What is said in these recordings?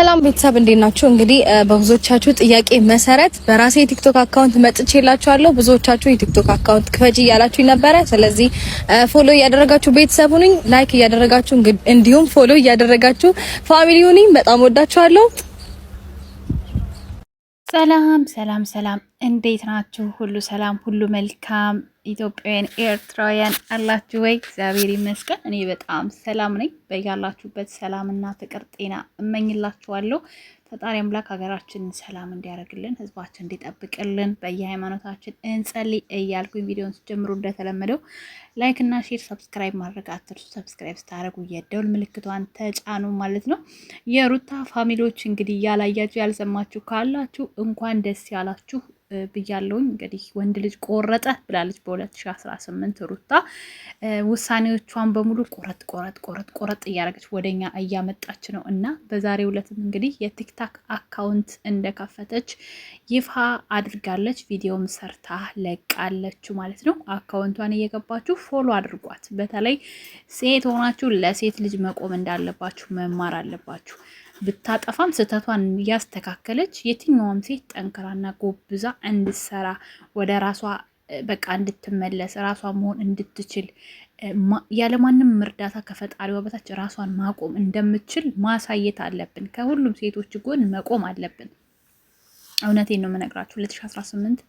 ሰላም ቤተሰብ እንዴት ናችሁ? እንግዲህ በብዙዎቻችሁ ጥያቄ መሰረት በራሴ የቲክቶክ አካውንት መጥቼላችኋለሁ። ብዙዎቻችሁ የቲክቶክ አካውንት ክፈጅ እያላችሁ ነበረ። ስለዚህ ፎሎ እያደረጋችሁ ቤተሰብ ሁኑኝ፣ ላይክ እያደረጋችሁ እንዲሁም ፎሎ እያደረጋችሁ ፋሚሊ ሁኑኝ። በጣም ወዳችኋለሁ። ሰላም ሰላም ሰላም፣ እንዴት ናችሁ? ሁሉ ሰላም፣ ሁሉ መልካም ኢትዮጵያውያን ኤርትራውያን አላችሁ ወይ? እግዚአብሔር ይመስገን እኔ በጣም ሰላም ነኝ። በያላችሁበት ሰላምና ፍቅር ጤና እመኝላችኋለሁ። ፈጣሪ አምላክ ሀገራችንን ሰላም እንዲያደርግልን፣ ህዝባችን እንዲጠብቅልን በየሃይማኖታችን እንጸልይ እያልኩኝ ቪዲዮን ስጀምሩ እንደተለመደው ላይክ እና ሼር፣ ሰብስክራይብ ማድረግ አትርሱ። ሰብስክራይብ ስታደርጉ የደውል ምልክቷን ተጫኑ ማለት ነው። የሩታ ፋሚሊዎች እንግዲህ ያላያችሁ ያልሰማችሁ ካላችሁ እንኳን ደስ ያላችሁ ብያለውኝ። እንግዲህ ወንድ ልጅ ቆረጠ ብላለች በ2018 ሩታ ውሳኔዎቿን በሙሉ ቆረጥ ቆረጥ ቆረጥ ቆረጥ እያደረገች ወደኛ እያመጣች ነው እና በዛሬው ዕለትም እንግዲህ የቲክታክ አካውንት እንደከፈተች ይፋ አድርጋለች። ቪዲዮም ሰርታ ለቃለች ማለት ነው። አካውንቷን እየገባችሁ ፎሎ አድርጓት። በተለይ ሴት ሆናችሁ ለሴት ልጅ መቆም እንዳለባችሁ መማር አለባችሁ። ብታጠፋም ስህተቷን እያስተካከለች የትኛውም ሴት ጠንክራና ጎብዛ እንድትሰራ ወደ ራሷ በቃ እንድትመለስ ራሷ መሆን እንድትችል ያለማንም እርዳታ ከፈጣሪዋ በታች ራሷን ማቆም እንደምትችል ማሳየት አለብን። ከሁሉም ሴቶች ጎን መቆም አለብን። እውነቴን ነው የምነግራችሁ 2018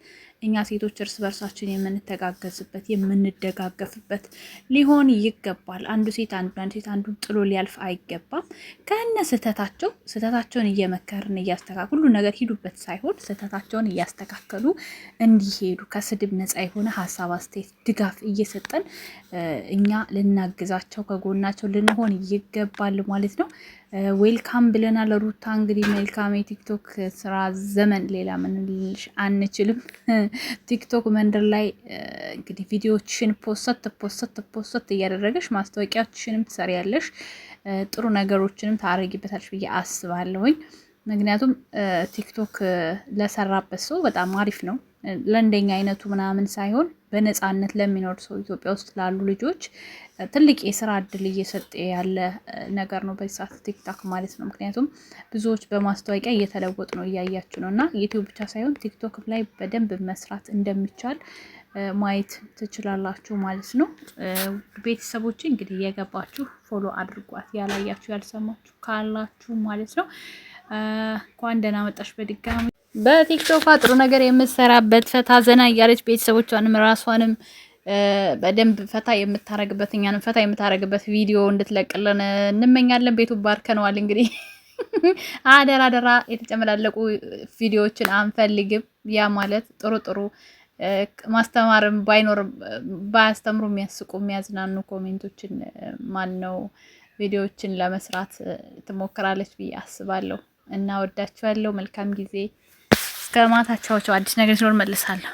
እኛ ሴቶች እርስ በርሳችን የምንተጋገዝበት የምንደጋገፍበት ሊሆን ይገባል። አንዱ ሴት አንዱ አንዱ ሴት አንዱ ጥሎ ሊያልፍ አይገባም። ከነ ስህተታቸው ስህተታቸውን እየመከርን እያስተካከሉ ሁሉ ነገር ሂዱበት ሳይሆን ስህተታቸውን እያስተካከሉ እንዲሄዱ ከስድብ ነፃ የሆነ ሀሳብ፣ አስተያየት፣ ድጋፍ እየሰጠን እኛ ልናግዛቸው ከጎናቸው ልንሆን ይገባል ማለት ነው። ዌልካም ብለናል ሩታ። እንግዲህ መልካም የቲክቶክ ስራ ዘመን፣ ሌላ ምን አንችልም። ቲክቶክ መንደር ላይ እንግዲህ ቪዲዮችን ፖሰት ፖሰት ፖሰት እያደረገች ማስታወቂያችንም ትሰሪያለሽ፣ ጥሩ ነገሮችንም ታረጊበታለሽ ብዬ አስባለሁኝ። ምክንያቱም ቲክቶክ ለሰራበት ሰው በጣም አሪፍ ነው። ለእንደኛ አይነቱ ምናምን ሳይሆን በነፃነት ለሚኖር ሰው ኢትዮጵያ ውስጥ ላሉ ልጆች ትልቅ የስራ እድል እየሰጠ ያለ ነገር ነው በዚህ ሰዓት ቲክታክ ማለት ነው። ምክንያቱም ብዙዎች በማስታወቂያ እየተለወጡ ነው እያያችሁ ነው። እና ዩቲዩብ ብቻ ሳይሆን ቲክቶክ ላይ በደንብ መስራት እንደሚቻል ማየት ትችላላችሁ ማለት ነው። ቤተሰቦች እንግዲህ እየገባችሁ ፎሎ አድርጓት፣ ያላያችሁ ያልሰማችሁ ካላችሁ ማለት ነው። እንኳን ደህና መጣሽ በድጋሚ። በቲክቶክ ጥሩ ነገር የምትሰራበት ፈታ ዘና እያለች ቤተሰቦቿንም ራሷንም በደንብ ፈታ የምታረግበት እኛንም ፈታ የምታረግበት ቪዲዮ እንድትለቅልን እንመኛለን። ቤቱ ባርከነዋል እንግዲህ አደራ አደራ፣ የተጨመላለቁ ቪዲዮዎችን አንፈልግም። ያ ማለት ጥሩ ጥሩ ማስተማርም ባይኖር ባያስተምሩ የሚያስቁ የሚያዝናኑ ኮሜንቶችን ማን ነው ቪዲዮዎችን ለመስራት ትሞክራለች ብዬ አስባለሁ። እና ወዳችኋለሁ። መልካም ጊዜ እስከ ማታቻዎቸው። አዲስ ነገር ሲኖር መልሳለሁ።